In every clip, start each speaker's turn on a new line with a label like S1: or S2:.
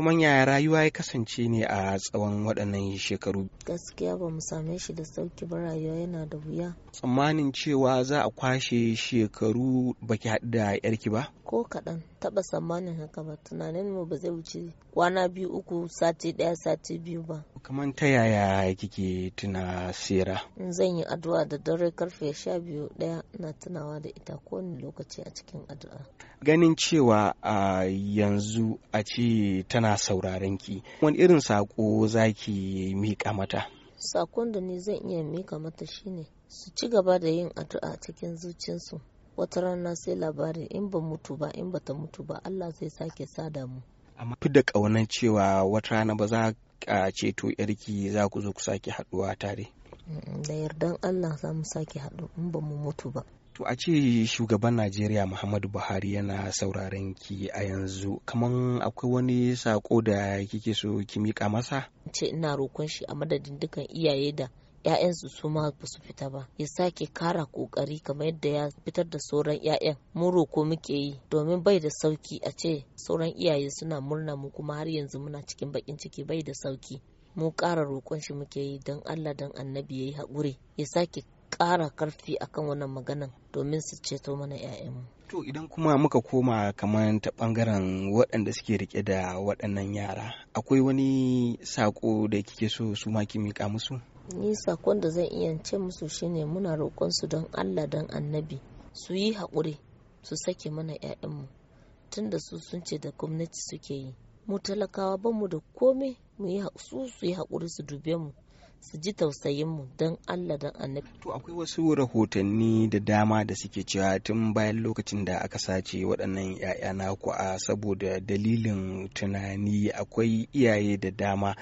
S1: Kuma yaya rayuwa ya kasance ne a tsawon waɗannan shekaru
S2: gaskiya ba mu same shi da sauki ba rayuwa yana da wuya
S1: tsammanin cewa za a kwashe shekaru baki haɗu da yarki ba
S2: ko kaɗan taɓa tsammanin haka ba tunanin mu ba zai wuce kwana biyu uku sati ɗaya sati biyu ba
S1: Kamar ta yaya kike tuna sera?
S2: Zan yi addu'a da dare karfe sha biyu ɗaya na tunawa da ita kowane lokaci a cikin addu'a.
S1: Ganin cewa a yanzu a ce tana sauraron ki, wani irin sako za ki miƙa mata?
S2: Sakon da ni zan iya mika mata shine su ci gaba da yin addu'a cikin zuciyarsu. Wata rana sai labari in ba mutu ba in ba ta mutu ba Allah zai sake sada mu.
S1: amma fi da ƙaunar cewa wata rana ba za a ceto yarki za ku zo ku sake haɗuwa tare
S2: da yardan allah za mu sake haɗu in ba mu mutu ba
S1: to a ce shugaban najeriya muhammadu buhari yana sauraren ki a yanzu kaman akwai wani sako da kike so ki mika masa
S2: ce ina rokon shi a madadin dukan iyaye da 'ya'yansu su ma ba su fita ba ya sake kara kokari kamar yadda ya fitar da sauran 'ya'yan mu roko muke yi domin bai da sauki a ce sauran iyaye suna murna mu kuma har yanzu muna cikin bakin ciki bai da sauki mu ƙara roƙon shi muke yi don allah don annabi ya yi haƙuri ya sake ƙara karfi akan wannan magana domin su ceto mana yayan mu to idan
S1: kuma muka koma kamar ta bangaren waɗanda suke rike da waɗannan yara akwai wani saƙo da kike so su ma ki miƙa musu
S2: nisa sakon da zan iya ce musu shine muna roƙon su don allah don annabi su yi haƙuri su sake mana 'ya'yanmu tun da su sun ce da gwamnati suke yi mu talakawa ba mu da komai mu yi su yi haƙuri su dube mu su ji tausayinmu don Allah don annabi.
S1: To akwai wasu rahotanni da dama da suke cewa tun bayan lokacin da aka sace waɗannan 'ya'ya naku a saboda dalilin tunani akwai iyaye da dama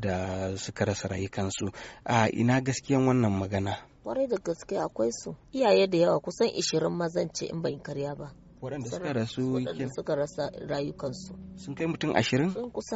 S1: da suka rasa rayukansu a ina gaskiyan wannan magana.
S2: Kwarai da gaske akwai su iyaye da yawa kusan ishirin mazan ce in ban
S1: karya ba. Waɗanda suka rasu rayukansu. Sun kai mutum ashirin? Sun kusa.